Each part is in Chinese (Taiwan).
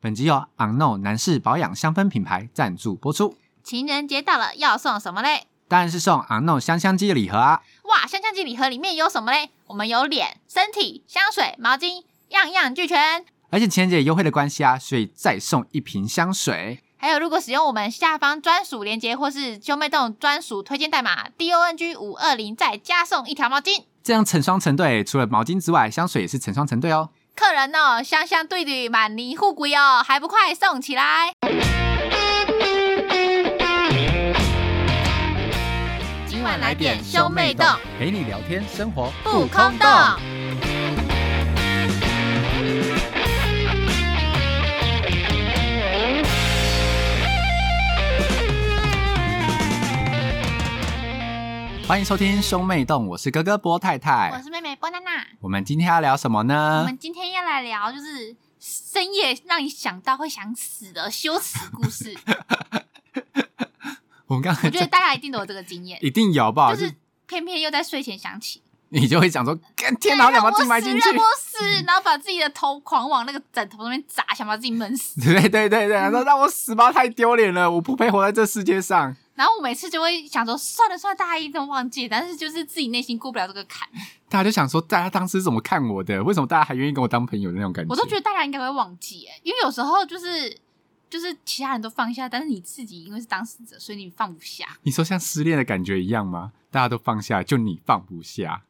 本集由昂 n o 男士保養香氛品牌贊助播出。情人節到了，要送什麼嘞？當然是送昂 n o 香香機的禮盒啊！哇，香香機禮盒裡面有什麼嘞？我們有臉、身體、香水、毛巾，樣樣俱全。而且情人節優惠的關係啊，所以再送一瓶香水。還有，如果使用我們下方專屬鏈接或是兄妹洞專屬推薦代碼 D O N G 五二零，再加送一條毛巾。這樣成雙成對。除了毛巾之外，香水也是成雙成對哦。客人哦，香香對對，滿泥富貴哦，還不快送起來！今晚來點兄妹丼，陪你聊天，生活不空洞。歡迎收聽兄妹丼，我是哥哥波泰泰，我是妹妹波娜娜。我們今天要聊什麼呢？我們今天要來聊，就是深夜讓你想到會想死的羞恥故事。 我們剛才覺得大家一定都有這個經驗， 一定有吧？就是偏偏又在睡前想起，你就會想說：天哪、啊！然後把自己埋進去，死，死死 然後把自己的頭狂往那個枕頭上面砸，想把自己悶死。對對對對，然、嗯、後讓我死吧，太丟臉了，我不配活在這世界上。然後我每次就會想說，算了算了，大家一定忘記，但是就是自己內心過不了這個坎。大家就想說，大家當時怎麼看我的？為什麼大家還願意跟我當朋友的那種感覺？我都覺得大家應該會忘記，因為有時候就是就是其他人都放下，但是你自己因為是當事者，所以你放不下。你說像失戀的感覺一樣嗎？大家都放下，就你放不下？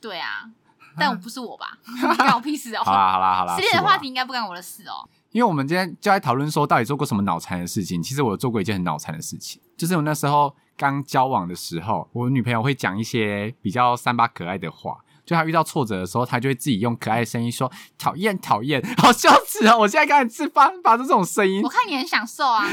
對啊，但我不是我吧？不、啊、關 我屁事、哦。 好啦好啦好啦，失戀的話題、啊、應該不關我的事哦。因為我們今天就在討論說，到底做過什麼腦殘的事情。其實我做過一件很腦殘的事情，就是我那時候剛交往的時候，我女朋友會講一些比較三八可愛的話。就她遇到挫折的時候，她就會自己用可愛的聲音說：“討厭討厭，好羞恥啊、喔！我現在開始發，發這種聲音”，我看你很享受啊。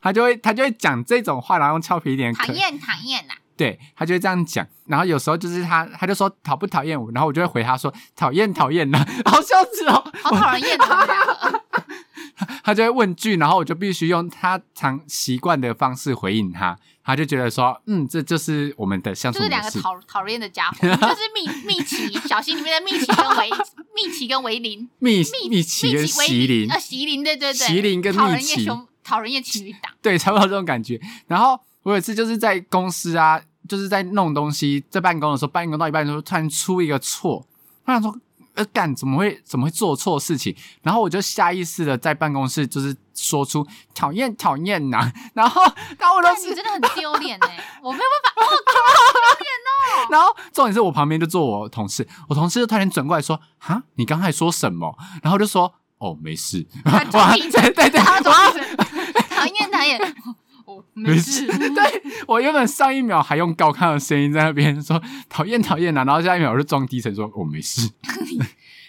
她就會她就會講這種話，然後用俏皮一點，討厭討厭吶。對，他就會這樣講，然後有時候就是他，他就說，討不討厭我？然後我就會回他說，討厭討厭了、啊，好笑死哦，好討人厭討厭。 他就會問句，然後我就必須用他常習慣的方式回應他，他就覺得說，嗯，這就是我們的相處方式。這、就是、兩個討討厭的家伙， 就是密密奇小新裡面的密奇跟維 密奇跟維林，密密奇跟維林，呃，麒麟對對麒麟跟密奇，討人厭熊，討人厭麒麟打，對，差不多這種感覺。 然後我有一次就是在公司啊。就是在弄東西，在辦公的時候，辦公到一半的時候，突然出一個錯，我想說，呃，幹怎麼會怎麼會做錯的事情？然後我就下意識的在辦公室就是說出討厭討厭吶、啊，然後搞得你真的很丟臉哎、欸， 我沒有辦法，我、哦、好丟臉哦。然後重點是我旁邊就坐我同事，我同事就突然轉過來說，哈，你剛才說什麼？然後就說，哦，沒事，討、啊、厭，對對對,對然後，討厭，討厭。 沒事， 對我原本上一秒還用高亢的聲音在那邊說討厭討厭吶，然後下一秒我就裝低沉說我、哦、沒事。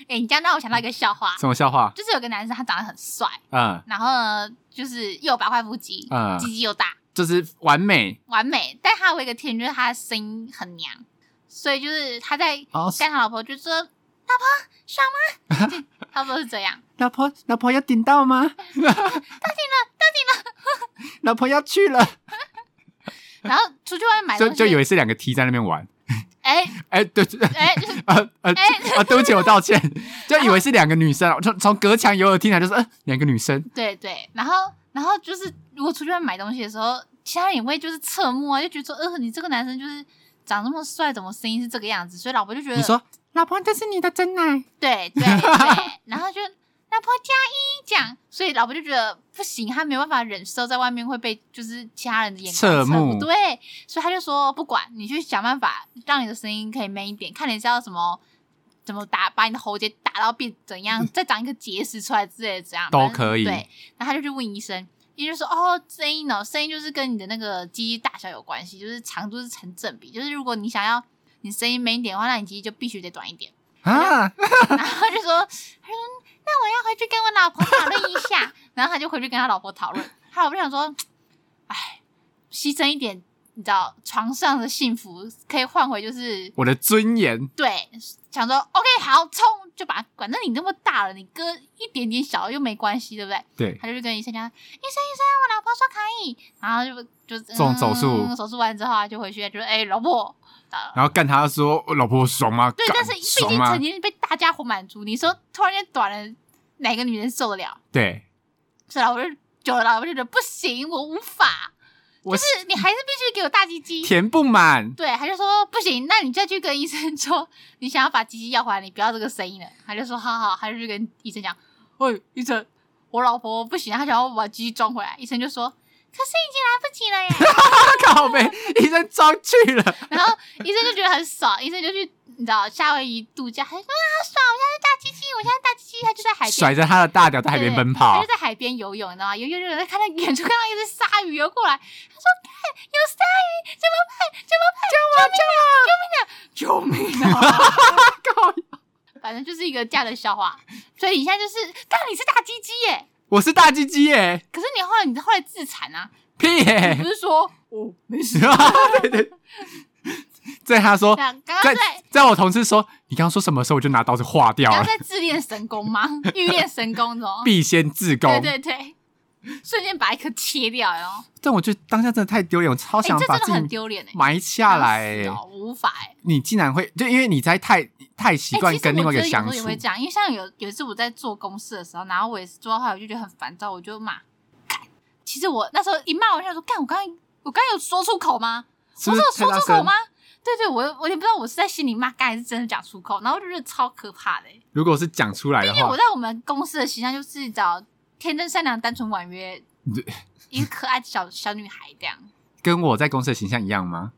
哎、欸，你這樣讓我想到一個笑話，什麼笑話？就是有個男生他長得很帥，嗯，然後呢，就是又八塊腹肌，嗯，雞雞又大，就是完美，完美。但他有一個天，就是他的聲音很娘，所以就是他在跟他老婆就說：“老、哦、婆帥嗎？” 他說是這樣。老婆，老婆要頂到嗎？到頂了，到頂了。老婆要去了， 然後出去外面買東西，以就以為是兩個 T 在那邊玩。哎、欸、哎、欸，對、欸呃呃欸呃呃欸呃、對不起，哎啊對都給我道歉， 就以為是兩個女生。從從隔牆有耳聽來，就是呃，兩個女生。對對，然後然後就是如果出去外面買東西的時候，其他人會就是側目啊，就覺得說呃，你這個男生就是長這麼帥，怎麼聲音是這個樣子？所以老婆就覺得，你說老婆這是你的真愛。對對對，然後就。 老婆加一講，所以老婆就覺得不行，她沒辦法忍受在外面會被就是其他人的眼光側目，側目對，所以她就說不管，你去想辦法讓你的聲音可以 man 一點，看你是要什麼，怎麼打，把你的喉結打到變怎樣，再長一個結石出來之類的這樣都可以。對，然後她就去問醫生，醫生說哦，聲音哦，聲音就是跟你的那個雞雞大小有關係，就是長度是成正比，就是如果你想要你聲音 man 一點的話，那你雞雞就必須得短一點啊。然後就說他 說。那我要回去跟我老婆討論一下， 然後他就回去跟他老婆討論， 他老婆想說，哎，犧牲一點，你知道床上的幸福可以換回就是我的尊嚴，對，想說 OK 好衝，就把管，反正你那麼大了，你割一點點小又沒關係，對不對？對，他就去跟醫生講，醫生醫生，我老婆說可以，然後就就做、嗯、手術，手術完之後就回去，就說哎、欸、老婆，然後幹他的時候老婆爽嗎？對，但是畢竟曾經被。他、啊、傢伙滿足你說突然間短了，哪個女人受得了？對，是啊，我就久了，我就覺得不行，我無法我，就是你還是必須給我大雞雞，填不滿。對，他就說不行，那你再去跟醫生說，你想要把雞雞要回來，你不要這個聲音了。他就說好好，他就去跟醫生講，喂，醫生，我老婆我不行，她想要把雞雞裝回來。醫生就說，可是已經來不及了呀，搞 沒 醫生裝去了。 然後醫生就覺得很爽，醫生就去。你知道夏威夷度假，他說啊、嗯、爽，我現在是大雞雞，我現在是大雞雞，他就在海邊甩着他的大腳，在海邊奔跑，他就在海邊游泳，然後游泳游泳，看到遠處看到一隻鯊魚游過來，他說看有鯊魚，怎麼辦？怎麼辦？救命啊！救命啊！救命啊！哈哈哈哈，反正就是一個這樣的笑話，所以你現在就是，但你是大雞雞耶，我是大雞雞耶，可是你後來你後來自殘啊，屁、欸、不是說我、哦、沒事啊， 對，對對。在他說，剛剛在在我同事說你剛剛說什麼時候，我就拿刀子劃掉了。在自戀神功嗎？欲練神功中， 必先自宮。對對對，瞬間把一顆切掉喲 。但我覺得當下真的太丟臉，我超想把、欸、這真的很丟臉埋下來。我無法你竟然會就因為你在太太習慣、欸、跟另外一個相處。有時候也會講，因為像有有一次我在做公事的時候，然後我也是做的話，我就覺得很煩躁，我就罵。其實我那時候一罵我完，我說：“幹，我剛才我剛,才我剛才有說出口嗎？是不是我是有說出口嗎？”對對，我我也不知道，我是在心裡罵，還是真的講出口，然後就覺得超可怕的、欸。如果是講出來的話，因為我在我們公司的形象就是找天真、善良、單純、婉約，一個可愛小小女孩這樣。跟我在公司的形象一樣嗎？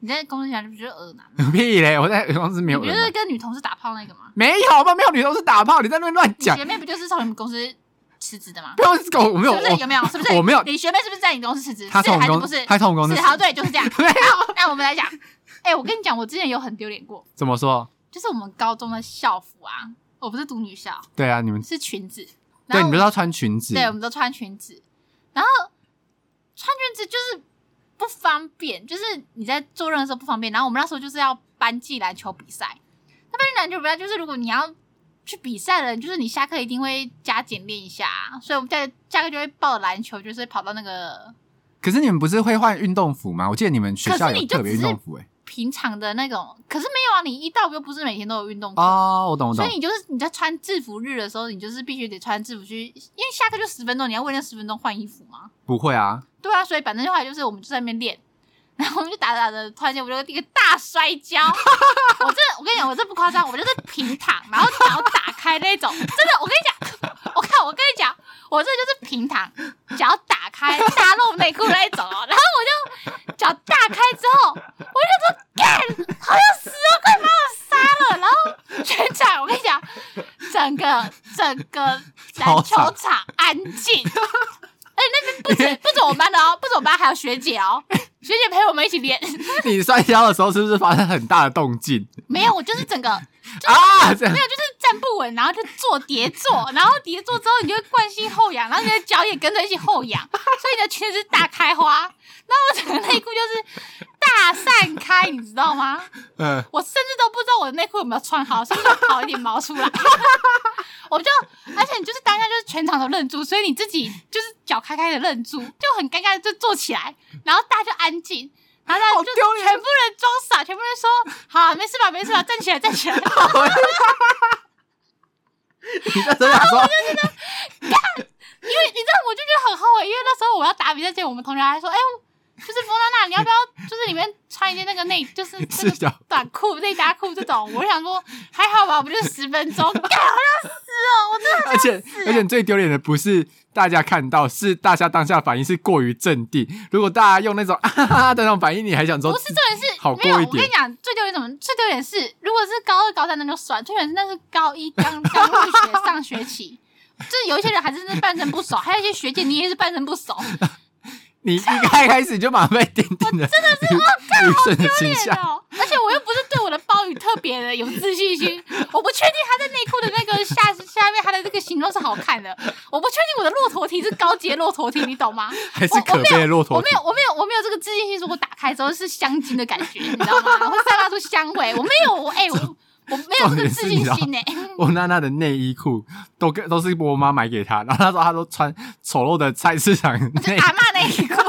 你在公司的形象就不就是惡男嗎？屁咧，我在公司沒有，你覺得跟女同事打炮那個嗎？沒有，沒有女同事打炮，你在那邊亂講。你學妹不就是從你們公司辭職的嗎？不用狗，我沒有、欸，是不是？有沒有？是不是？你學妹是不是在你公司辭職？他從我公司，是，還是不是，他從我公司。好，對，就是這樣。 哎、好，那、哎、我們來講。哎、欸，我跟你講，我之前有很丟臉過。怎麼說？就是我們高中的校服啊，我不是讀女校。對啊，你們是裙子。對，你們都要穿裙子？對，我們都穿裙子。然後穿裙子就是不方便，就是你在做任何事不方便。然後我們那時候就是要班際籃球比賽。那班際籃球比賽就是如果你要去比賽了，就是你下課一定會加減練一下。所以我們在下課就會抱籃球，就是跑到那個。可是你們不是會換運動服嗎？我記得你們學校有特別運、就是、動服哎、欸。平常的那種，可是沒有啊！你一到又不是每天都有運動哦，我懂我懂。所以你就是你在穿制服日的時候，你就是必須得穿制服去，因為下課就十分鐘，你要為那十分鐘換衣服嗎？不會啊。對啊，所以反正的話就是我們就在那邊練，然後我們就打着打着，突然間我就一個大摔跤。 我這，我跟你講，我這不誇張，我就是平躺， 然後腳打開那種。真的，我跟你講，我看，我跟你講。我這就是平躺，腳打開，大露內褲那一種哦，然後我就腳大開之後，我就說幹，好像死了，快把我殺了！然後全場，我跟你講，整個整個籃球場安靜。哎，那邊不止不止我們班的哦，不止我們班還有學姐哦，學姐陪我們一起練。你摔跤的時候是不是發生很大的動靜？沒有，我就是整個。就是、啊啊、沒有，就是站不穩，然後就坐疊坐，然後疊坐之後，你就慣性後仰，然後你的腳也跟着一起後仰，所以你的裙子大開花， 然後我整個內褲就是大散開，你知道嗎、嗯？我甚至都不知道我的內褲有沒有穿好，甚至跑一點毛出來。 我就，而且你就是當下就是全場都愣住，所以你自己就是腳開開的愣住，就很尷尬的就坐起來，然後大家就安靜，然後呢就全部人裝傻，全部人說。啊，沒事吧？沒事吧？站起來，站起來！哈哈哈你在怎樣說？我就覺得，幹！因為你知道，我就覺得很後悔。因為那時候我要打比賽前，我們同學還說：“哎就是波娜娜，你要不要就是裡面穿一件那個內，就是那個短褲內搭褲這種？”我想說，還好吧，我們就十分鐘？幹，我要死了！我真的要要、啊、而且而且最丟臉的不是大家看到，是大家當下反應是過於鎮定。如果大家用那種、啊、哈哈那種反應，你還想說不是這點是？好過一點，沒有，我跟你講，最丟臉怎麼？最丟臉是，如果是高二高三那就算，最丟臉是那是高一剛剛入學上學期， 就是有一些人還是那半生不熟，還有一些學姐你也是半生不熟， 你一開開始就把被點點了，真的是我靠，好丟臉哦，哦 而且我又不是。特別的有自信心， 我不確定他在內褲的那個下下面，他的這個形狀是好看的。 我不確定我的駱駝蹄是高階駱駝蹄，你懂嗎？還是可悲的駱駝我？我沒有，我沒有，我沒有這個自信心。如果打開之後是香精的感覺，你知道嗎？會散發出香味。我沒有，欸、我哎，我沒有這個自信心呢、欸。我娜娜的內衣褲都都是我媽買給她，然後他說他她都穿醜陋的菜市場內，媽那一褲。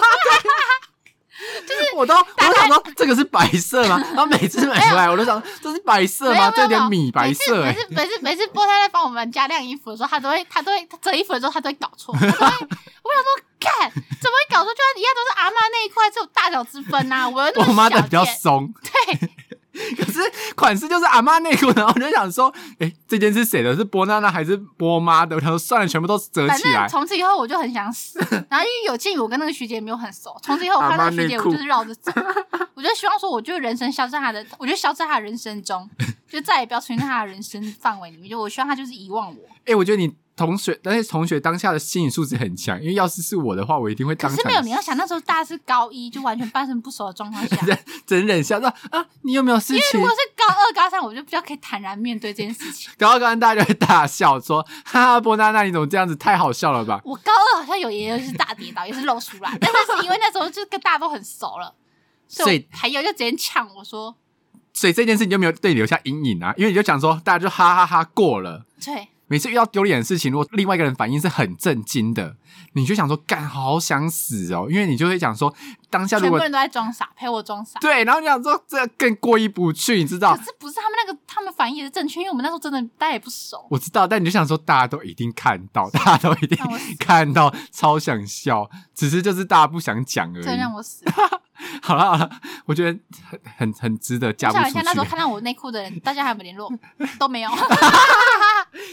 我都，我都想說這個是白色嗎？ 然後每次買回來，我都想這是白色嗎沒有沒有沒有？這有點米白色、欸、每次每次每次波泰泰在幫我們家晾衣服的時候，他都會他都會折衣服的時候，他都會搞錯。 我想說，看怎麼會搞錯？就一樣都是阿媽那一塊，只有大小之分吶、啊。我我媽的比較鬆。對。 可是款式就是阿媽內褲，然後我就想說，哎、欸，這件是誰的？是波娜娜還是波媽的？我想說算了，全部都折起來。反正從此以後我就很想死。 然後因為有鑒於我跟那個學姐也沒有很熟，從此以後我看到學姐我就是繞着走。 我就希望說，我就人生消失他的，我就消失他的人生中，就再也不要出現在他的人生範圍裡面。就我希望他就是遺忘我。哎、欸，我覺得你。同學，但是同學當下的心理素質很強，因為要是是我的話，我一定會。可是沒有，你要想那時候大家是高一，就完全半生不熟的狀況下，忍忍下說啊，你有沒有事情？因為如果是高二高三，我就比較可以坦然面對這件事情。 高二高三大家就會大笑說：“哈哈，波娜娜，你怎麼這樣子？太好笑了吧！”我高二好像有也有是大跌倒， 也是露出來，但是是因為那時候就跟大家都很熟了，所以還有就直接嗆，我說所：“所以這件事你就沒有對你留下陰影啊？因為你就想說，大家就哈哈哈哈過了。”對。每次遇到丟臉的事情，如果另外一個人反應是很震驚的。你就想說，幹好想死哦！因為你就會講說，當下如果全部人都在裝傻，陪我裝傻，對，然後你想說，這更過意不去，你知道？可是不是他們那個，他們反應也是正確，因為我們那時候真的大家也不熟。我知道，但你就想說，大家都一定看到，大家都一定看到，超想笑，只是就是大家不想講而已。真讓我死 好。好了好了，我覺得很很值得加分，想一下。那時候看到我內褲的人， 大家還有沒有聯絡都沒有。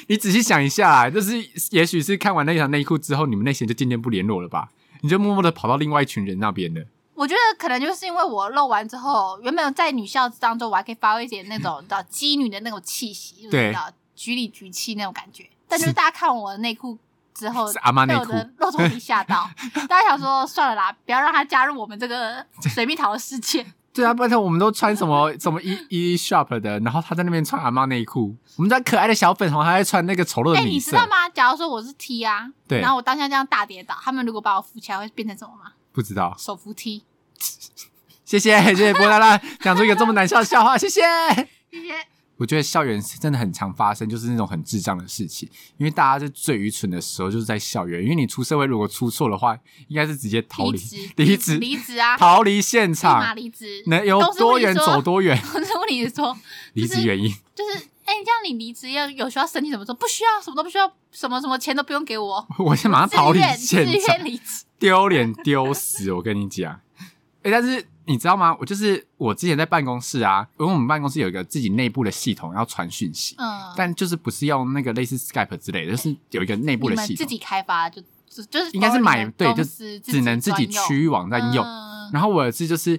你仔細想一下，就是也許是看完那條內褲之後，你們。那些就漸漸不聯絡了吧？你就默默的跑到另外一群人那邊了。我覺得可能就是因為我露完之後，原本在女校當中我還可以發揮一點那種叫雞女的那種氣息，對，橘、就是、橘裡橘氣那種感覺。但就是大家看完我的內褲之後，被我的肉蟲皮嚇到， 大家想說算了啦，不要讓他加入我們這個水蜜桃的世界。 對啊，不然我們都穿什麼什麼 e 一 -e、shop 的，然後他在那邊穿阿媽內褲。我們家可愛的小粉紅還會穿那個醜陋的。哎、欸，你知道嗎？假如說我是 T 啊，對，然後我當下這樣大跌倒，他們如果把我扶起來，會變成什麼嗎？不知道。手扶 T。 謝謝謝謝波娜娜講出一個這麼難笑的笑話，謝謝謝謝。我覺得校園是真的很常發生，就是那種很智障的事情。因為大家在最愚蠢的時候就是在校園。因為你出社會如果出錯的話，應該是直接逃離、離職、離職啊，逃離現場哪離職，能有多遠走多遠。我是問你說離職、就是、原因，就是哎，欸、這樣你像你離職要有需要申請怎麼做？做不需要，什麼都不需要，什麼什麼錢都不用給我，我先馬上逃離現場，自願離職，丟臉丟死！我跟你講，哎、欸，但是。你知道嗎？我就是我之前在辦公室啊，因為我們辦公室有一個自己內部的系統要傳訊息，嗯，但就是不是用那個類似 Skype 之類的，欸、就是有一個內部的系統，你自己開發就就，就是應該是買，對，就只能自己區域網站用。嗯、然後我有一次就是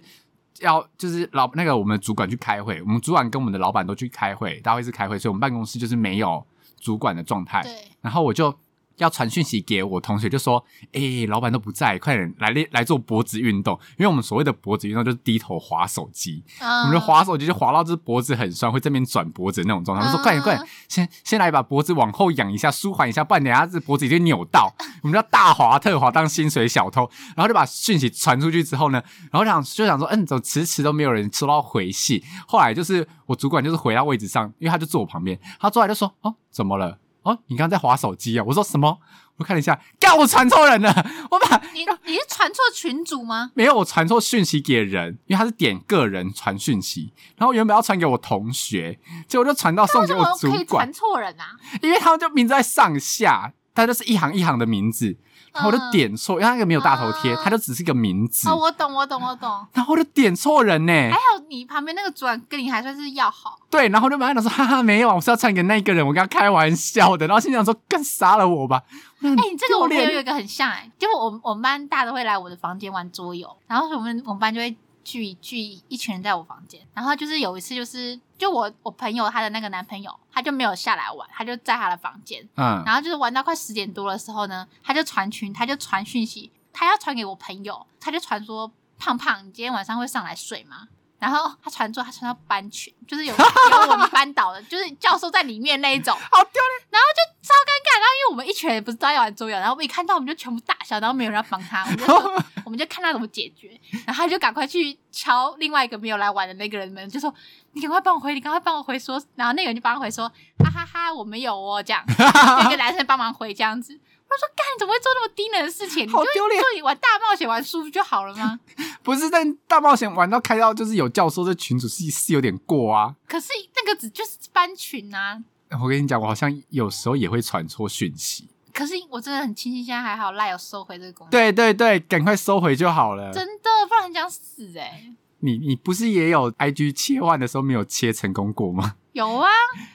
要就是老那個我們的主管去開會，我們主管跟我們的老板都去開會，大會是開會，所以我們辦公室就是沒有主管的狀態。對，然後我就。要傳訊息給我同學，就說：“哎、欸，老闆都不在，快點來練來，來做脖子運動，因為我們所謂的脖子運動就是低頭滑手機。Uh... 我們滑手機就滑到這脖子很酸，會這邊轉脖子那種狀態。Uh... 我們說快點，快點，先先來把脖子往後仰一下，舒緩一下，不然等下這脖子已經扭到。我們叫大滑特滑，當薪水小偷，然後就把訊息傳出去之後呢，然後就想就想說，嗯、欸，怎麼遲遲都沒有人收到回信？後來就是我主管就是回到位置上，因為他就坐我旁邊，他坐來就說：哦，怎麼了？”哦，你剛剛在滑手機啊？我說什麼？我看了一下，剛我傳錯人了。我把你，你是傳錯群組嗎？沒有，我傳錯訊息給人，因為他是點個人傳訊息，然後原本要傳給我同學，結果就傳到送給我主管。可以傳錯人啊！因為他們就名字在上下，他就是一行一行的名字。然後我就點錯，因為他那個沒有大頭貼，呃、他就只是一個名字。哦，我懂，我懂，我懂。然後我就點錯人呢、欸。還好你旁邊那個主管跟你還算是要好。對，然後就班長說：“哈哈，沒有，我是要傳給那一個人，我跟他開玩笑的。欸”然後心想說：“幹殺了我吧！”哎，欸、你這個我朋友有一個很像哎、欸，就我我們班大的會來我的房間玩桌遊，然後我們我們班就會聚一聚一群人在我房間，然後就是有一次就是。就我我朋友她的那個男朋友，他就沒有下來玩，他就在他的房間。嗯，然後就是玩到快十點多的時候呢，他就傳群，他就傳訊息，他要傳給我朋友，他就傳說：胖胖，你今天晚上會上來睡嗎？然後他傳桌，他傳到班群，就是有有我們班導的， 就是教授在裡面那一種，好丟臉。然後就超尷尬，然後因為我們一群人不是都要玩桌遊，然後我們一看到我們就全部大笑，然後沒有人要幫他，我，就 我們就我就看他怎麼解決，然後他就趕快去敲另外一個沒有來玩的那個人們，就說你趕快幫我回，你趕快幫我回說，然後那個人就幫他回說，哈，哈哈哈，我沒有哦這樣， 就一個男生幫忙回這樣子，我就說幹，你怎麼會做那麼低能的事情？你就好丟臉，做一玩大冒險玩輸不就好了嗎？ 不是，但大冒險玩到開到，就是有教授。這群組是是有點過啊。可是那個只就是班群啊。嗯、我跟你講，我好像有時候也會傳錯訊息。可是我真的很慶幸，現在還好賴有收回這個功能。對對對，趕快收回就好了。真的，不然很想死誒、欸、你你不是也有 IG 切換的時候沒有切成功過嗎？有啊，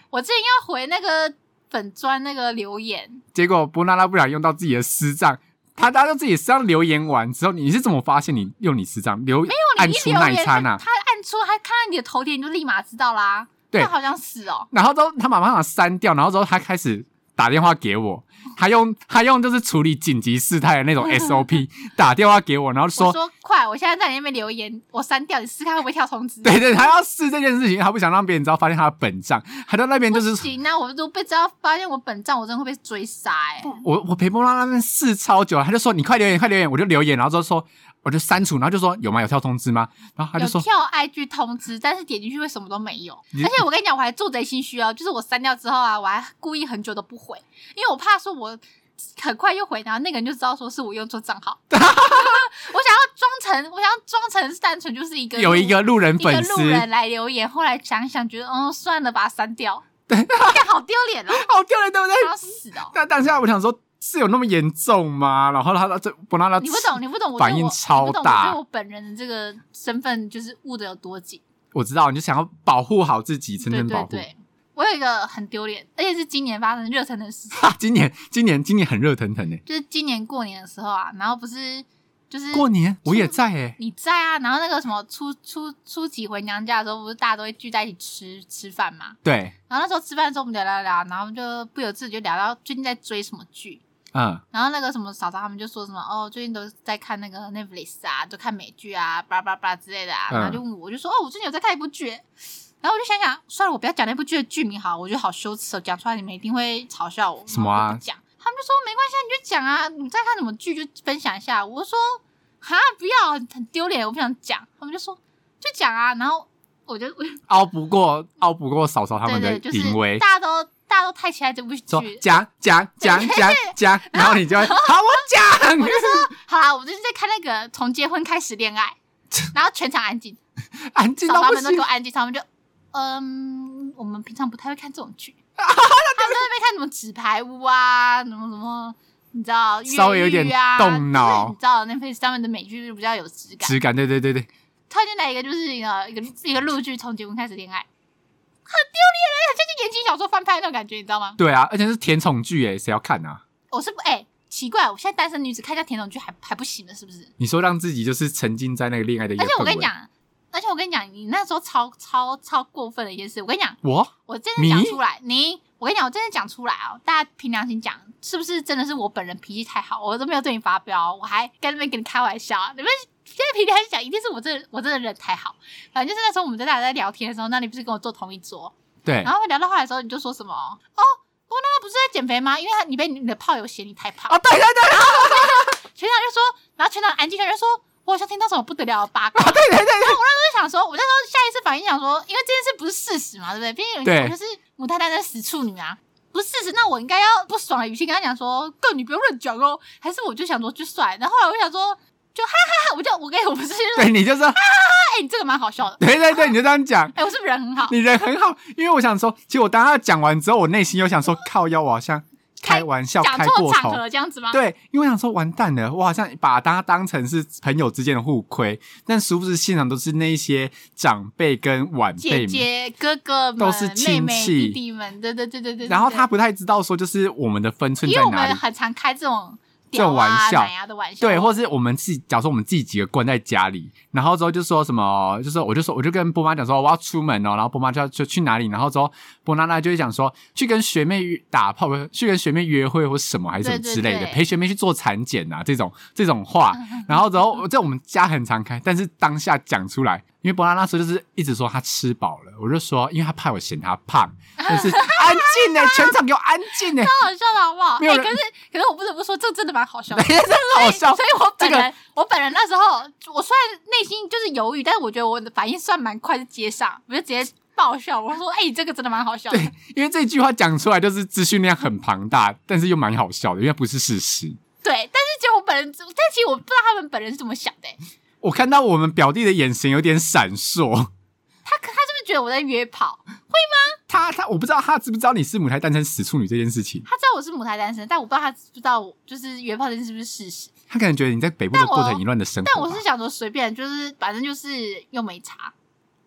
我之前要回那個粉專那個留言， 結果波娜娜不想用到自己的私帳。他，他都自己私帳留言完之後，你是怎麼發現你用你私賬留？沒有，按出一餐啊、你一留言他按出，他看到你的頭貼，你就立馬知道啦、啊。對，他好像是哦。然後都他馬上刪掉，然後之後他開始打電話給我。還用還用就是處理緊急事態的那種 SOP 打電話給我，然後說說快，我現在在你那邊留言，我刪掉，你試看會不會跳通知。對對,對，他要試這件事情，他不想讓別人知道发現他的本賬，還在那邊就是。行那、啊、我都被知道发現我本賬，我真的會被追殺哎、欸。我我陪波娜娜那邊試超久，他就說你快留言，快留言，我就留言，然後就說。.我就刪除，然後就說，有嗎？有跳通知嗎？然後他就說有跳 IG 通知，但是點進去為什麼都沒有。而且我跟你講，我還做賊心虛哦、啊，就是我刪掉之後啊，我還故意很久都不回，因為我怕說我很快又回，然後那個人就知道說是我用錯賬號。 我想要裝成，我想要裝成單純就是一個有一個路人粉絲，路人來留言。後來想想覺得，哦、嗯，算了，把它刪掉。天、 啊，好丟臉哦，好丟臉，對不對？要死哦！但但現在我想說。是有那麼嚴重嗎？然後他他這不讓他，你不懂你不懂我，我反應超大，所以我，我本人的這個身份就是捂得有多緊。我知道，你就想要保護好自己，真的保護。我有一個很丟臉，而且是今年發生熱騰騰的事。今年今年今年很熱騰騰哎，就是今年過年的時候啊，然後不是就是過年我也在誒、欸。你在啊？然後那個什麼初初初幾回娘家的時候，不是大家都會聚在一起吃吃飯嘛？對。然後那時候吃飯的時候，我們聊聊聊，然後就不由自主就聊到最近在追什麼劇。嗯，然後那個什麼嫂嫂他們就說什麼哦，最近都在看那個 Netflix 啊，都看美劇啊，叭叭叭之類的啊、嗯，然後就問我，我就說哦，我最近有在看一部劇，然後我就想想算了，我不要講那部劇的劇名好，我覺得好羞恥，講出來你們一定會嘲笑我。什麼啊？講他們就說沒關係，你就講啊，你在看什麼劇就分享一下。我就說哈，不要很丟臉，我不想講。他們就說就講啊，然後我就，我就拗不過，拗不過嫂嫂他們的對對就是，大家都。大家都太期待這部劇，講講講講講，然後你就會，好，我講，我就說 好啦，我就是在看那個《從結婚開始戀愛》，然後全場安靜，安靜到他們都給我安靜，他們就嗯，我們平常不太會看這種劇，他們在那邊看什麼紙牌屋啊，什麼什麼，你知道，稍微有點動腦，啊就是、你知道，那邊上面的美劇就比較有質感，質感，對對對對，突然間來一個就是 know, 一個一個一個陸劇《從結婚開始戀愛》。很丟臉、欸，很像是言情小說翻拍的那種感覺，你知道嗎？對啊，而且是甜寵劇，哎，誰要看啊？我是不，哎、欸，奇怪，我現在單身女子看一下甜寵劇還還不行的是不是？你說讓自己就是沉浸在那個戀愛的，而且我跟你講，而且我跟你講，你那時候超超超過分的一件事，我跟你講，我我真的講出來，你，我跟你講，我真的講出來哦。大家憑良心講，是不是真的是我本人脾氣太好，我都沒有對你發飆，我還在那邊跟你開玩笑，你們。現在平常還是講，一定是我這個、我這的人太好。反正就是那時候我們在大家在聊天的時候，那你不是跟我坐同一桌？對。然後聊到後來的時候，你就說什麼？哦，不過那不是在減肥嗎？因為你被你的炮友嫌你太胖。哦、啊，對對對。然後我 全場就說，然後全場安靜下來就說，我好像聽到什麼不得了的八卦、啊。對對對。然後我那時候就想說，我那時候下意識反應想說，因為這件事不是事實嘛，對不對？畢竟有就是母胎單身死處女啊，不是事實，那我應該要不爽的語氣跟他講說，哥，你不要亂講哦。還是我就想說就算，然後,後來我就想說。就哈哈哈，哈，我就我、okay, 跟我不是，是對你就說哈，哈哈哈，哎、欸，你這個蠻好笑的。對對對，你就這樣講。哎、 欸，我是不是人很好？你人很好，因為我想說，其實我當他講完之後，我內心又想說，靠腰，要我好像開玩笑開，開，開過頭了，這樣子嗎？對，因為我想說，完蛋了，我好像把他當成是朋友之間的互虧，但殊不知現場都是那一些長輩跟晚輩、姐姐哥哥們都是親戚妹妹弟們，對對，對對對對對。然後他不太知道說，就是我們的分寸在哪裡，因為我們很常開這種。啊、這種玩笑，玩笑，對，或者是我們自己，假如說我們自己幾個關在家裡，然後之後就說什麼，就是我就說，我就跟波媽講說我要出門哦，然後波媽就就去，去哪裡，然後之後波娜娜就會講說去跟學妹打炮，去跟學妹約會或什麼還是什麼之類的，對對對，陪學妹去做產檢啊，這種這種話， 然後之後在我們家很常開，但是當下講出來。因為伯拉那時候就是一直說他吃飽了，我就說，因為他怕我嫌他胖，就 是安靜誒 全場給我安靜誒超好笑的好不好？欸、可是可是我不得不說，這個真的蠻好笑的，真的好笑所。所以我本人、這個，我本人那時候，我雖然內心就是猶豫，但是我覺得我的反應算蠻快，是接上，我就直接爆笑，我說：“哎、欸，這個真的蠻好笑。”對，因為這句話講出來就是資訊量很龐大，但是又蠻好笑的，因為不是事實。對，但是其實我本人，但其實我不知道他們本人是怎麼想的。我看到我們表弟的眼神有點閃爍他，他他是不是覺得我在約炮？會嗎？他他我不知道他知不知道你是母胎單身死處女這件事情，他知道我是母胎單身，但我不知道他知不知道我就是約炮這件事是不是事實。他可能覺得你在北部的過程很淫亂的生活但，但我是想說，隨便，就是反正就是又沒差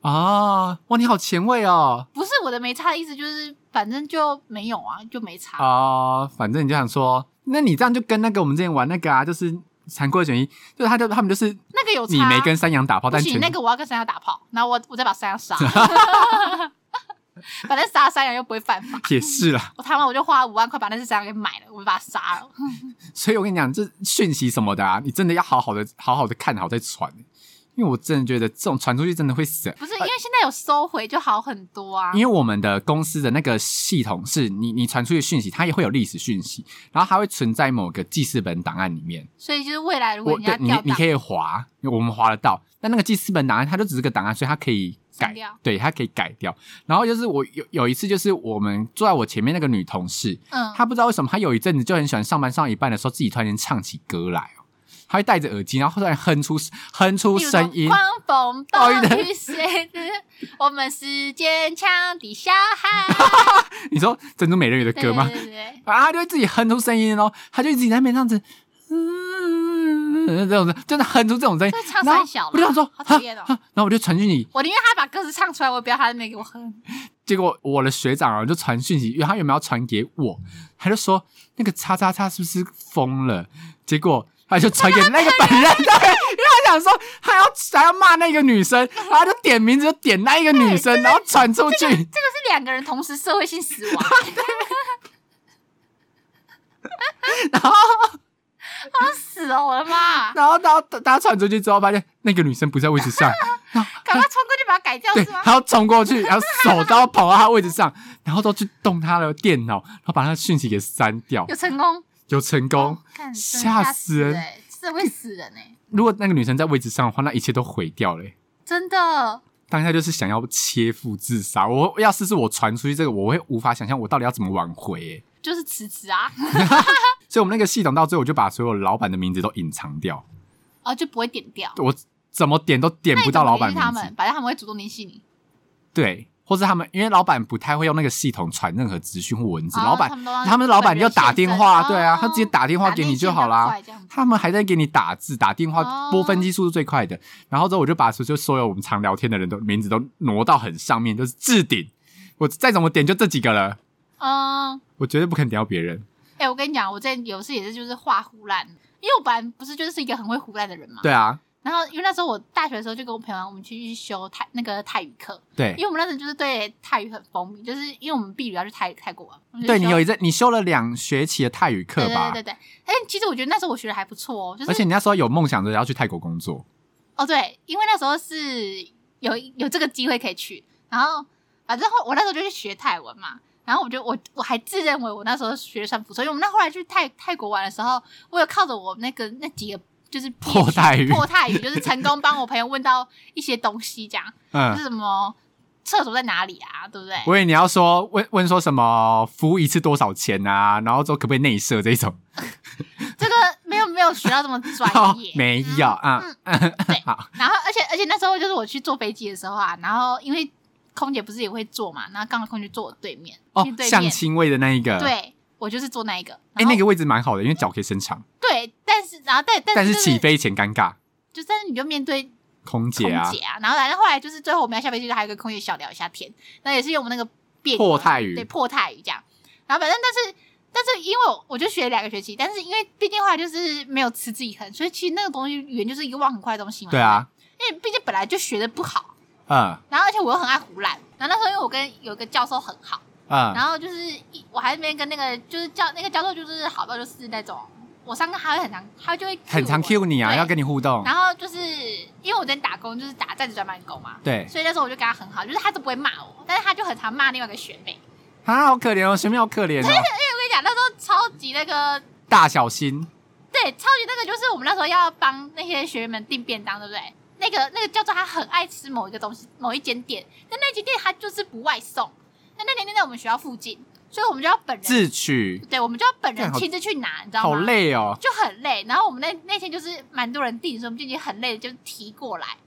啊、哦！哇，你好前衛哦！不是我的沒差的意思，就是反正就沒有啊，就沒差啊、哦。反正你就想說，那你這樣就跟那個我們之前玩那個啊，就是。殘酷的原因就是，他就他們就是那個有差，你沒跟山羊打炮，但是你那個我要跟山羊打炮，然後我我再把山羊殺了， 反正殺山羊又不會犯法。也是啦，我他媽我就花了五萬塊把那隻山羊給買了，我就把它殺了。 所以我跟你講，這訊息什麼的啊，你真的要好好的、好好的看好再傳。因為我真的覺得這種傳出去真的會死，啊，不是，因為現在有收回就好很多啊，啊。因為我們的公司的那個系統是你你傳出去訊息，它也會有歷史訊息，然後還會存在某個記事本檔案裡面。所以就是未來如果你，你你可以劃，我們劃得到，但那個記事本檔案它就只是個檔案，所以它可以改掉，對，它可以改掉。然後就是我有有一次就是我們坐在我前面那個女同事，嗯，她不知道為什麼她有一陣子就很喜歡上班上一半的時候自己突然間唱起歌來哦。他會戴着耳機，然後後來哼出哼出聲音。狂風暴雨，我們是堅強的小孩。 你說珍珠美人魚的歌嗎？對對對對，對啊，他就會自己哼出聲音嘍、哦。他就一直在那邊這樣子，嗯，嗯嗯這種真的，就是，哼出這種聲音，唱太小了。我就想說好討厭哦，啊啊。然後我就傳訊你。我寧願他把歌詞唱出來，我不要他在那邊給我哼。結果我的學長啊，就傳訊息，因為他有沒有要傳給我，他就說那個叉叉叉是不是瘋了？結果。然後就傳給那個本人，對， 因為他想說他要他要罵那個女生，然 後就點名字就點那一個女生，然後傳出去。這個、這個、是兩個人同時社會性死亡。 對吧 然後，他要死了！我的媽！然後，然後當他傳出去之後，發現那個女生不在位置上，然後趕 快衝過去把她改掉 然後他，對，他要衝過去，然後手刀跑到她位置上， 然後都去動她的電腦，然後把她的訊息給刪掉，有成功。有成功，嚇死人，哦，真的欸，會死人嘞，欸！如果那個女生在位置上的話，那一切都毀掉嘞，欸，真的，當下就是想要切腹自殺。我要是是我傳出去這個，我會無法想象我到底要怎麼挽回，欸，就是辭職啊！ 所以，我們那個系統到最後我就把所有老闆的名字都隱藏掉，啊，就不會點掉。我怎麼點都點不到老闆的名字，反正他們，反正他們會主動聯繫你。對。或是他們因為老闆不太會用那個系統傳任何資訊或文字，哦、老闆他，他們老闆就打電話，對啊、哦，他直接打電話給你就好啦。他們還在給你打字打電話，撥、哦、分機速度最快的。然後之後我就把就所有我們常聊天的人都名字都挪到很上面，就是置頂。我再怎麼點就這幾個了，嗯，我絕對不肯點到別人。哎、欸，我跟你講，我這有次也是就是畫虎爛，因為我本來不是就是一個很會虎爛的人嘛，對啊。然後，因為那時候我大學的時候就跟我朋友，我們去修泰那個泰語課。對，因為我們那時候就是對泰語很風靡，就是因為我們畢業要去泰泰國玩。對，你有一次你修了兩學期的泰語課吧？對對對,對,對。哎、欸，其實我覺得那時候我學的還不錯哦、就是。而且你那時候有夢想着要去泰國工作。哦，對，因為那時候是有有這個機會可以去。然後，反、啊、正後我那時候就去學泰文嘛。然後我覺得我我還自認為我那時候學的算不錯，因為我們那後來去泰泰國玩的時候，我有靠着我那個那幾個。就是波泰泰，波泰泰就是成功幫我朋友問到一些東西，這樣，嗯，就是什麼廁所在哪裡啊？對不對？所以你要說問問說什麼服務一次多少錢啊？然後說可不可以內射這一種， 這個沒有沒有學到這麼專業、哦，沒有啊。嗯，嗯，嗯，嗯對，好。然後而且而且那時候就是我去坐飛機的時候啊，然後因為空姐不是也會坐嘛，然後剛好空姐坐我對面，哦，相親位的那一個，對。我就是坐那一個，哎、欸，那個位置蠻好的，因為腳可以伸長。對，但是然後、啊、但但、就是、但是起飛前尷尬，就但是你就面對空姐啊，姐啊，然後反正後來就是最後我們要下飛機就還有一個空姐小聊一下天，那也是用我們那個變、破泰語，對，破泰語這樣。然後反正但是但是因為我就學了兩個學期，但是因為畢竟話就是沒有持之以恆，所以其實那個東西語言就是一個忘很快的東西嘛。對啊，因為畢竟本來就學的不好，嗯，然後而且我又很愛胡亂。然後那時候因為我跟有一個教授很好。啊、嗯，然後就是一，我還沒跟那個就是叫那個教授就是好到就是那種，我上課還會很常他就會很常 Q 你啊，要跟你互動。然後就是因為我之前打工就是打在職專班工嘛，對，所以那時候我就跟他很好，就是他都不會罵我，但是他就很常罵另外一個學妹。他、啊、好可憐哦，學妹好可憐哦。所以因為我跟你講，那時候超級那個大小心，對，超級那個就是我們那時候要幫那些學員們訂便當，對不對？那個那個教授他很愛吃某一個東西某一間店，但那一間店他就是不外送。那那天在我們學校附近，所以我們就要本人自取。對，我們就要本人親自去拿，你知道嗎？好累哦，就很累。然後我們那那天就是蠻多人訂，所以我們就已經很累的，就提過來，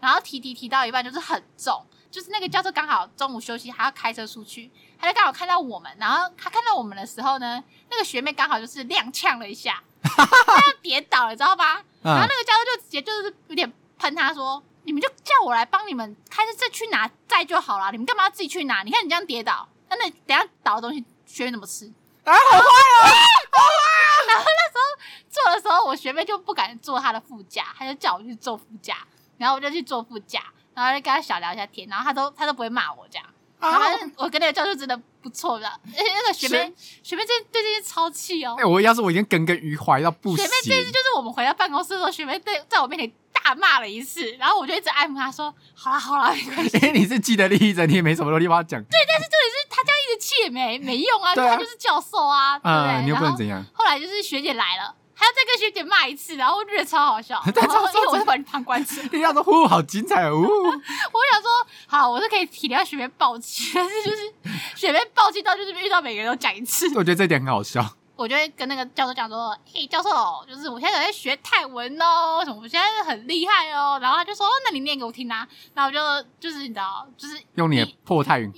然後提提提到一半就是很重，就是那個教授剛好中午休息，他要開車出去，他就剛好看到我們，然後他看到我們的時候呢，那個學妹剛好就是踉蹌了一下， 他要跌倒了，你知道吧、嗯？然後那個教授就直接就是有點噴他說。你們就叫我來幫你們開車，再去拿再就好了、啊。你們幹嘛要自己去拿？你看你這樣跌倒，那那等一下倒的東西，學妹怎麼吃？啊，好壞哦。啊、好壞哦、啊、哦。然後那時候坐的時候，我學妹就不敢坐他的副駕，他就叫我去坐副駕，然後我就去坐副駕，然後就跟他小聊一下天，然後他都他都不會罵我這樣。然後啊，反正我跟那個教授真的不錯、啊，而且那個學妹學、學妹這對這些超氣哦。哎、欸，我要是，我已經耿耿於懷到不行。學妹這次就是我們回到辦公室的時候，學妹對在我面前。他罵了一次，然後我就一直安撫他說：“好了好了，沒關係。欸”因為你是既得利益者，你也沒什麼東西幫他講。對，但是這裡是他這樣一直氣也沒沒用啊，啊他就是教授啊，對、呃、你又不能怎樣。後，後來就是學姐來了，還要再跟學姐罵一次，然後我覺得超好笑。但我說因為我是旁觀者，人家都呼好精彩哦、啊。 我想說，好，我是可以體諒學妹爆氣，但是就是學妹爆氣到就是遇到每個人都講一次， 我覺得這點很好笑。我就會跟那個教授講說：“嘿，教授，就是我現在在學泰文哦，什麼我現在很厲害哦。”然後他就說：“那你念給我聽啊。”然後我就就是你知道，就是你用你的破泰語。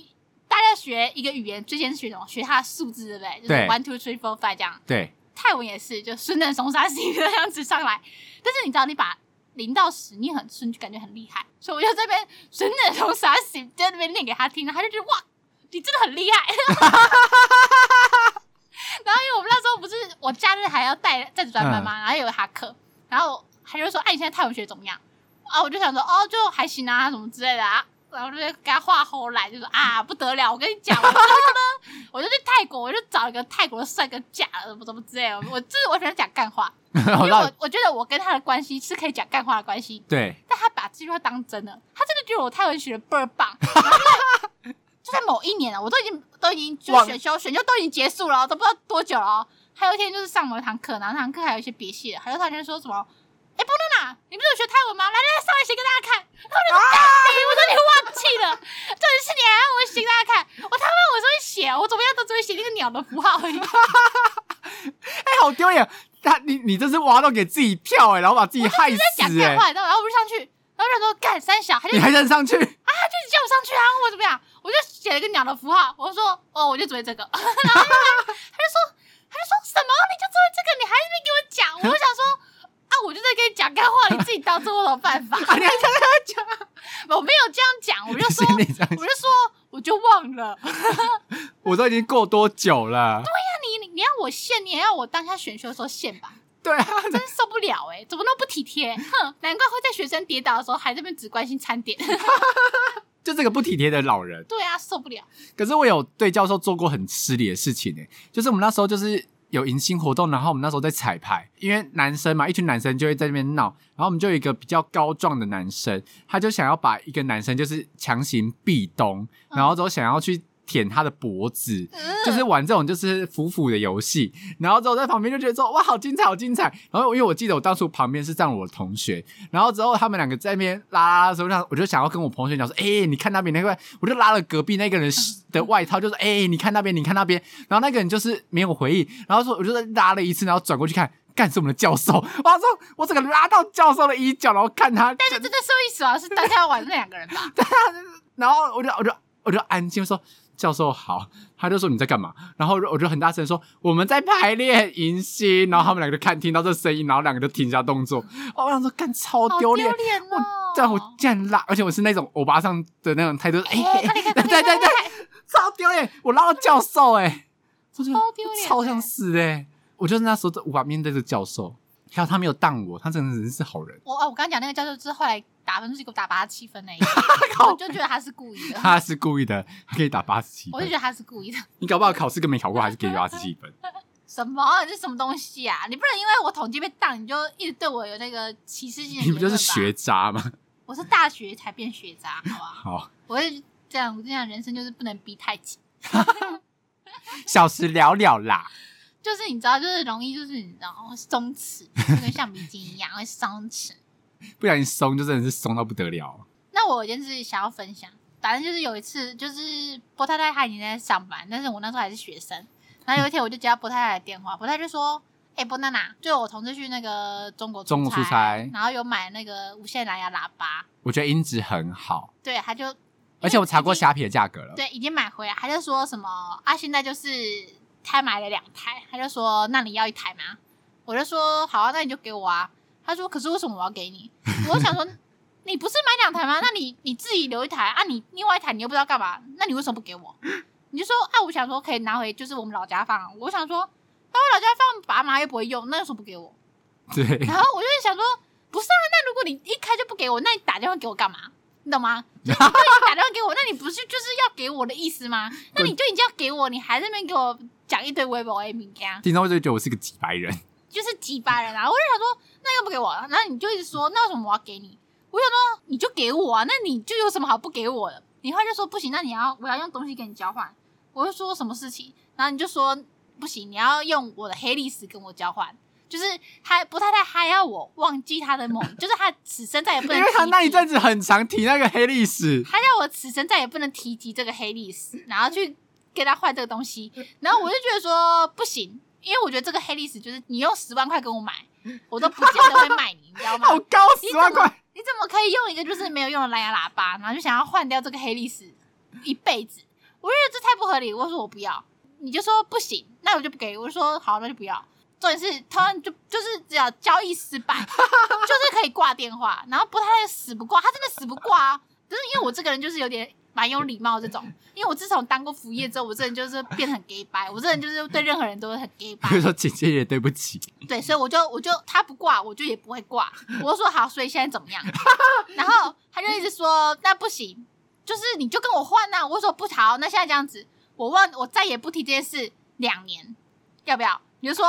大家學一個語言，最先是學什麼？學它的數字，對不對？對，就是 one two three four five 這樣。對。泰文也是，就順、忍、松、沙、西這樣子上來。但是你知道，你把零到十念很順，就感覺很厲害。所以我就這邊順、忍、松、沙、西在那邊念給他聽，然後他就覺得，哇，你真的很厲害。 然後因為我們那時候不是我假日還要帶在職專班嘛、嗯，然後有他課，然後他就說：“哎，你現在泰文學怎麼樣？”啊，我就想說：“哦，就還行啊，什麼之類的啊。”然後就給他畫虎爛就說：“啊，不得了！我跟你講， 我呢，我就去泰國，我就找一個泰國的帥哥嫁了，怎麼怎麼之類的。我這，是我，我喜歡講幹話， 因為我我覺得我跟他的關係是可以講幹話的關係。對，但他把這句話當真了，他真的覺得我泰文學的倍兒棒。” 就在某一年了，我都已經都已經就選修選修都已經結束了，都不知道多久了。還有一天就是上某堂課，然後那堂課還有一些別系還有同學說什麼：“誒波娜娜，你不是有學泰文嗎？來來，上來寫給大家看。”然後我就說、啊：“哎，我說你忘記了，真、啊、是的、啊，我寫給大家看，我他媽我只會寫，我怎麼樣都只會寫那個鳥的符號而已。哎”誒好丟臉！他你你這是挖洞給自己跳誒然後把自己害死你在講電話哎。然後我就上去，然後就說：“幹三小，還你還敢上去啊？就叫我上去啊，我怎麼樣？”我就寫了一個鳥的符號，我就說哦，我就做為這個， 然後就他就說，他就說什麼？你就做為這個？你還那邊給我講？ 我想說啊，我就在跟你講幹話， 你自己當真我有辦法？你還在跟他講？我沒有這樣講，我就說，我就說，我就忘了， 我都已經過多久了？ 對呀、啊，你你要我現，你也要我當下選秀的時候現吧？對啊，真受不了哎、欸，怎麼那麼不體貼？哼，難怪會在學生跌倒的時候還在這邊只關心餐點。 就這、是、個不體貼的老人，對啊，受不了。可是我有對教授做過很失禮的事情呢、欸，就是我們那時候就是有迎新活動，然後我們那時候在彩排，因為男生嘛，一群男生就會在那邊鬧，然後我們就有一個比較高壯的男生，他就想要把一個男生就是強行壁咚，然後就想要去。舔他的脖子，就是玩這種就是腐腐的遊戲，然後之後在旁邊就覺得說哇好精彩好精彩，然後因為我記得我當初旁邊是站了我的同學，然後之後他們兩個在那邊拉,拉,拉的時候，我就想要跟我同學講說，哎、欸、你看那邊那個我就拉了隔壁那個人的外套，就是哎、欸、你看那邊你看那邊,你看那邊，然後那個人就是沒有回應，然後說我就拉了一次，然後轉過去看，幹是我們的教授，我說我整個拉到教授的衣角，然後看他，但是這個說一主要是大家玩那兩個人吧， 然後我就我就我就安靜說。教授好，他就說你在幹嘛？然後我就很大聲說我們在排練迎新，然後他們兩個就看聽到這聲音，然後兩個就停下動作。我想說候幹超丟，丟臉，哦，我，這樣我竟然拉，而且我是那種歐巴桑的那種態度。欸欸欸，對對對，對，超丟臉，我拉到教授、欸，哎，超丟臉，超想死哎，我就是那時候無法面對的教授。還有他沒有當我，他真的是好人。我哦，我剛講那個教授之後來。打分，個打分一個就是給我 打八十七分呢，我就覺得他是故意的。他是故意的，可以打八十七。我就覺得他是故意的。你搞不好考試跟沒考過還是給八十七分。 什麼？這是什麼東西啊？你不能因為我統計被當，你就一直對我有那個歧視性？你不就是學渣嗎？我是大學才變學渣，好吧？ 好。我是這樣，我這樣人生就是不能逼太緊。 小時了了啦。就是你知道，就是容易，就是你知道鬆弛，就跟橡皮筋一樣，會鬆弛。不小心鬆就真的是鬆到不得了。那我有件事想要分享，反正就是有一次，就是波太太她已經在上班，但是我那時候還是學生。然後有一天我就接到波太太的電話，波太太就說：“哎、 欸，波娜娜，就我同事去那個中國，中國出差，然後有買那個無線藍牙喇叭，我覺得音質很好。”對，他就，而且我查過蝦皮的價格了，對，已經買回來。他就說什麼啊？現在就是他買了兩台，他就說：“那你要一台嗎？”我就說：“好啊，那你就給我啊。”他說：“可是為什麼我要給你？” 我想說：“你不是買兩台嗎？那你你自己留一台啊你？你另外一台你又不知道幹嘛？那你為什麼不給我？” 你就說：“啊，我想說可以拿回就是我們老家放，啊。”我想說：“他回老家放，爸媽又不會用，那為什麼不給我？”對。然後我就想說：“不是，啊。那如果你一開就不給我，那你打電話給我幹嘛？你懂嗎？ 然後你打電話給我，那你不是就是要給我的意思嗎？那你就已經要給我，你還在那邊給我講一堆微博 A 名家，聽到我就覺得我是個幾白人。”就是機掰人啊！我就想說，那又不給我，然後你就一直說，那為什麼我要給你？我想說，你就給我，啊，那你就有什麼好不給我的？你後來就說不行，那你要我要用東西跟你交換。我就說什麼事情，然後你就說不行，你要用我的黑歷史跟我交換。就是他不，太太還要我忘記他的夢， 就是他此生再也不能，因為他那一陣子很常提那個黑歷史，他要我此生再也不能提及這個黑歷史，然後去給他換這個東西。然後我就覺得說不行。因為我覺得這個黑歷史就是你用十萬塊跟我買，我都不見得會賣你，你知道嗎？好高十萬塊！你怎麼可以用一個就是沒有用的藍牙喇叭，然後就想要換掉這個黑歷史？一輩子，我覺得這太不合理。我說我不要，你就說不行，那我就不給。我說好，那就不要。重點是他就就是只要交易失敗，就是可以掛電話，然後不太死不掛。他真的死不掛啊，就是因為我這個人就是有點。蠻有禮貌這種，因為我自從當過服務業之後，我這人就是變很 gay pie, 我這人就是對任何人都是很 gay 白。比如說姐姐也對不起。對，所以我就我就他不掛，我就也不會掛。我就說好，所以現在怎麼樣？ 然後他就一直說那不行，就是你就跟我換吶、啊。我說不，好，那現在這樣子，我問我再也不提這件事，兩年要不要？你就說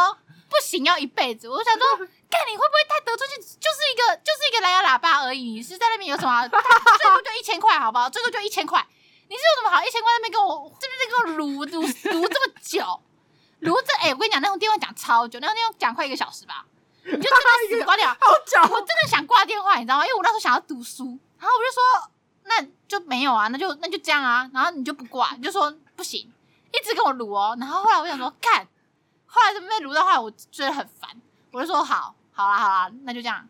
不行，要一輩子。我就想說。 幹，你會不會太得寸進尺？就是一個就是一個藍牙喇叭而已。你是在那邊有什麼？最多就一千塊，好不好？最多就一千塊。你是有什麼好？一千塊那邊跟我，這邊在給我擼擼擼這麼久？擼這哎、欸，我跟你講，那種電話講超久，那種電話講快一個小時吧。你就真的死掛掉！我、啊，我真的想掛電話，你知道嗎？因為我那時候想要讀書，然後我就說那就沒有啊，那就那就這樣啊。然後你就不掛，你就說不行，一直跟我擼哦、喔。然後後來我想說幹，後來就被擼到後來，我覺得很煩，我就說好。好啦好啦，那就這樣，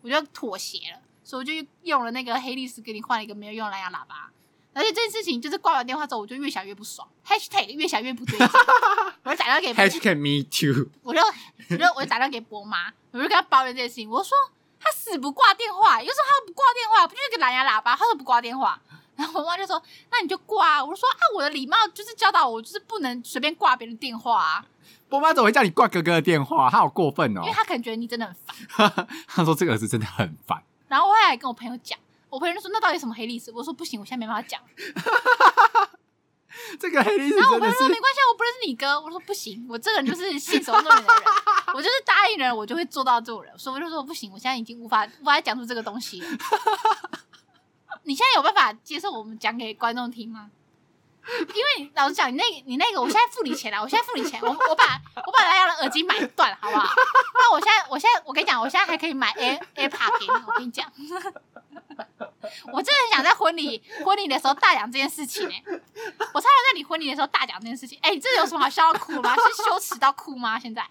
我就妥協了，所以我就用了那個黑歷史給你換了一個沒有用的藍牙喇叭，而且這件事情就是掛完電話之後，我就越想越不爽，#hashtag 越想越不對勁， 我就打電話給 #hashtag me too，我就 我就我就打電話給波媽，我就， 我就跟她抱怨這件事情，我說她死不掛電話，又說她不掛電話，不就是一個藍牙喇叭，她說不掛電話，然後我媽就說那你就掛啊，我說啊我的禮貌就是教導我，我就是不能隨便掛別人電話啊。我波媽怎麼會叫你掛哥哥的電話？他好過分哦！因為他可能覺得你真的很煩。 他說這個是真的很煩。然後我後來跟我朋友講，我朋友就說那到底什麼黑歷史？我說不行，我現在沒辦法講。 這個黑歷史。然後我朋友說沒關係，我不認識你哥。我說不行，我這個人就是信守諾言的人， 我就是答應人，我就會做到這種人。所以我就說不行，我現在已經無法無法講出這個東西了。 你現在有辦法接受我們講給觀眾聽嗎？因為你老實講，你那個你那個，我現在付你錢了，啊。我現在付你錢，我我把我把藍牙的耳機買斷，好不好？那我現在，我現在，我跟你講，我現在還可以買 AirPods 給你。我跟你講， 我真的很想在婚禮婚禮的時候大講這件事情哎、欸！我差點在你婚禮的時候大講這件事情哎！誒你這有什麼好笑到哭嗎？是羞恥到哭嗎？現在？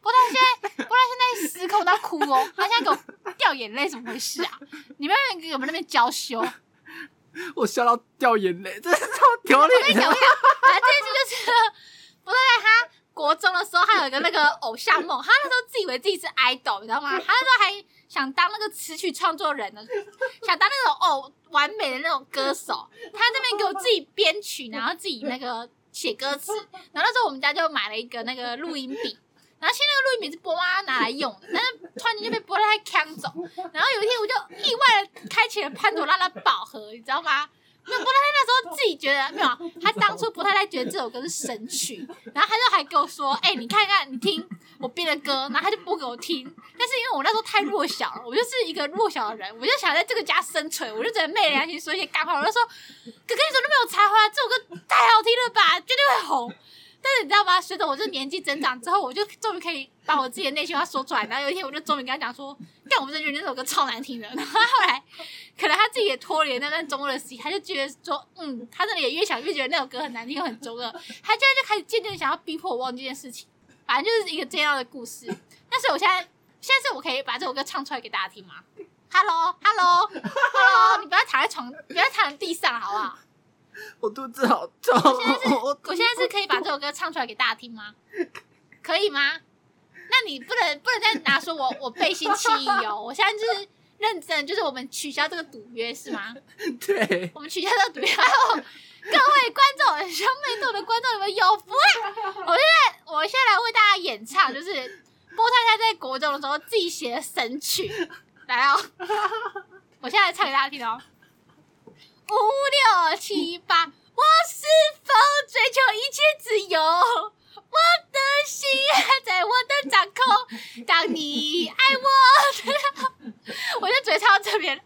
不知道，現在，不知道，現在失控到哭哦！他現在給我掉眼淚，怎麼回事啊？你們有沒有那邊嬌羞。我笑到掉眼淚、嗯，真是超丟臉的！哈哈哈哈這一期就是，不是在他國中的時候，他有一個那個偶像夢。他那時候自以為自己是 idol，你知道嗎？他那時候還想當那個詞曲創作人呢，想當那種哦完美的那種歌手。他這邊給我自己編曲，然後自己那個寫歌詞。然後那時候我們家就買了一個那個錄音筆。然後現在的錄音筆是波媽拿來用的，但是突然間就被波泰泰搶走。然後有一天我就意外地開啟了潘朵拉的寶盒，你知道嗎？因為，波泰泰那時候自己覺得沒有，他當初波泰泰覺得這首歌是神曲。然後他就還跟我說：“哎，你看看，你聽我編的歌。”然後他就播給我聽。但是因為我那時候太弱小了，我就是一個弱小的人，我就想在這個家生存，我就只能昧良心說一些幹話。我就說：“哥哥，你這麼有才華，這首歌太好聽了吧，絕對會紅。”但是你知道嗎？隨着我這年紀增長之後，我就終於可以把我自己的內心話說出來。然後有一天我，我就終於跟他講說：“幹，我不是覺得那首歌超難聽的。”然後後來，可能他自己也脫離那段中二的戲，他就覺得說：“嗯，他這裡也越想越覺得那首歌很難聽，又很中二。”他現在就開始漸漸想要逼迫我忘記這件事情。反正就是一個這樣的故事。但是我現在，現在是我可以把這首歌唱出來給大家聽嗎？Hello，Hello，Hello， 你不要躺在床上，不要躺在地上，好不好？我肚子好痛。我現在是，我現在是可以把這首歌唱出來給大家聽嗎？可以嗎？那你不能，不能再拿說我，我背信棄義哦。我現在就是認真，就是我們取消這個賭約是嗎？對，我們取消這個賭約，還有，各位觀眾，兄妹丼的觀眾，你們有福啊！我現在，我現在來為大家演唱，就是波泰泰在國中的時候自己寫的神曲，來哦。我現在來唱給大家聽哦。五六七八，我是否追求一切自由？我的心還在我的掌控。當你愛我，我就嘴唱到這邊。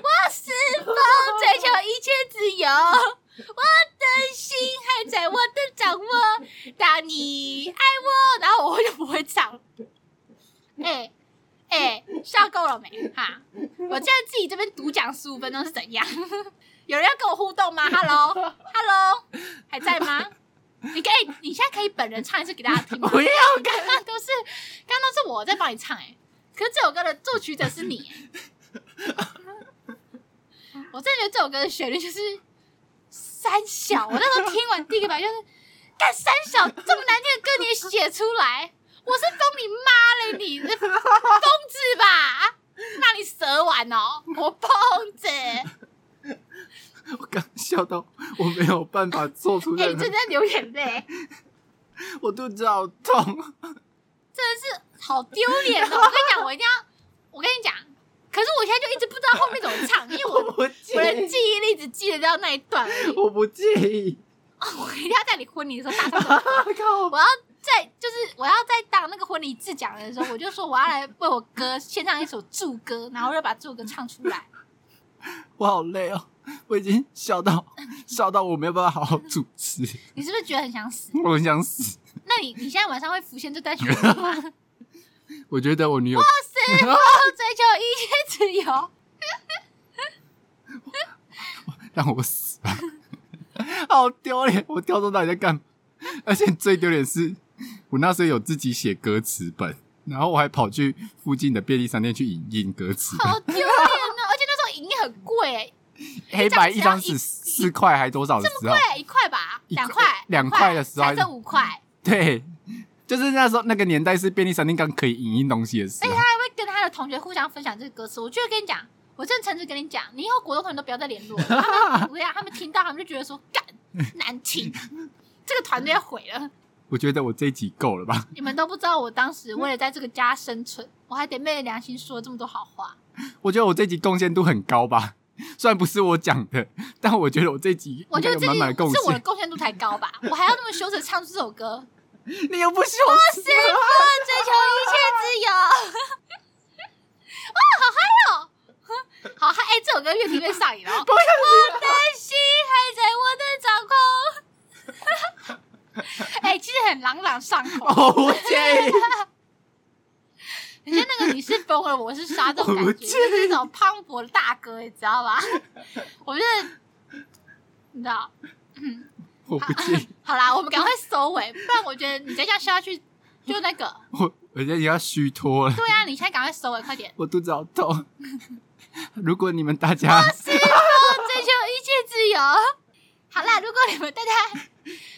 我是否追求一切自由？我的心還在我的掌握。當你愛我，然後我就不會唱。哎、欸。欸、笑夠了沒？哈！我現在自己這邊獨講十五分鐘是怎樣？ 有人要跟我互動嗎？Hello，Hello，Hello? 還在嗎？你可以，你現在可以本人唱一次給大家聽嗎？不要，剛剛都是，剛剛都是我在幫你唱、欸。哎，可是這首歌的作曲者是你、欸。 我真的覺得這首歌的旋律就是三小。我那時候聽完第一個反應，就是幹三小這麼難聽的歌你也寫出來。我是瘋你媽嘞！你是瘋子吧？那 你舌吻哦，我瘋子。我剛笑到我沒有辦法做出來。哎，你正在流眼淚。 我肚子好痛。真的是好丟臉哦！我跟你講，我一定要。我跟你講，可是我現在就一直不知道後面怎麼唱，因為我，我不我的記憶力只記得到那一段。我不介意。 我一定要在你婚禮的時候大、啊。靠！我要。在就是，我要在當那個婚禮致講的時候，我就說我要來為我哥獻上一首祝歌，然後就把祝歌唱出來。我好累哦，我已經笑到笑到我沒有辦法好好主持。你是不是覺得很想死？我很想死。那你你現在晚上會浮現這段旋律嗎？ 我覺得我女友，我死，我追求一切自由，讓我死吧， 好丟臉！我跳出到底在幹？而且最丟臉是。我那時候有自己寫歌詞本，然後我還跑去附近的便利商店去影印歌詞。好丟臉啊！ 而且那時候影印很貴、欸， 黑白一張是四塊 還多少的時候這麼貴、欸，一塊吧，兩塊，兩塊的時候還是五塊。對，就是那時候那個年代是便利商店剛可以影印東西的時候。而、欸、且他還會跟他的同學互相分享這個歌詞。我就會跟你講，我真誠實跟你講，你以後國中可能都不要再聯絡了，不 要他，他們聽到他們就覺得說幹難聽， 這個團隊要毀了。我覺得我這一集夠了吧？ 你們都不知道我當時為了在這個家生存，我還得昧着良心說這麼多好話。我覺得我這一集貢獻度很高吧，雖然不是我講的，但我覺得我這一集滿滿的貢獻，我覺得這集是我的貢獻度才高吧。我還要那麼羞恥唱這首歌， 你又不是我，我是追求一切自由， 哇，好嗨哦， 好嗨！哎、欸，這首歌越聽越上癮了， 然後 我的心還在我的掌控。朗朗上口，oh, 我不介。人家那個你是風兒，我是沙，這種感覺就是一種磅礴的大哥，你知道吧？我覺得，你知道，我不介 好，好啦，我們趕快收尾，不然我覺得你等一下下去，就那個我，我覺得你要虛脫了。對啊，你現在趕快收尾，快點！我肚子好痛。 如果你們大家，我虛脫追求一切自由。好啦，如果你們大家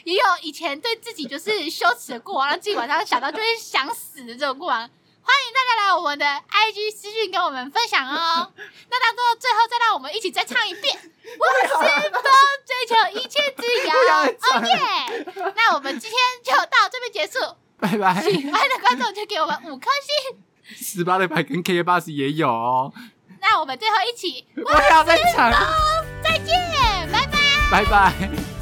也有以前對自己就是羞恥的過往，讓自己晚上想到就是想死的這種過往，歡迎大家來我們的 IG 私訊跟我們分享哦。那當做最後，再讓我們一起再唱一遍《我偏不追求一切自由》。哦耶！那我們今天就到這邊結束，拜拜。喜歡的觀眾就給我們五顆星。十八的牌跟 K 八十也有哦。那我們最後一起，我要再唱。再見，拜拜。拜拜。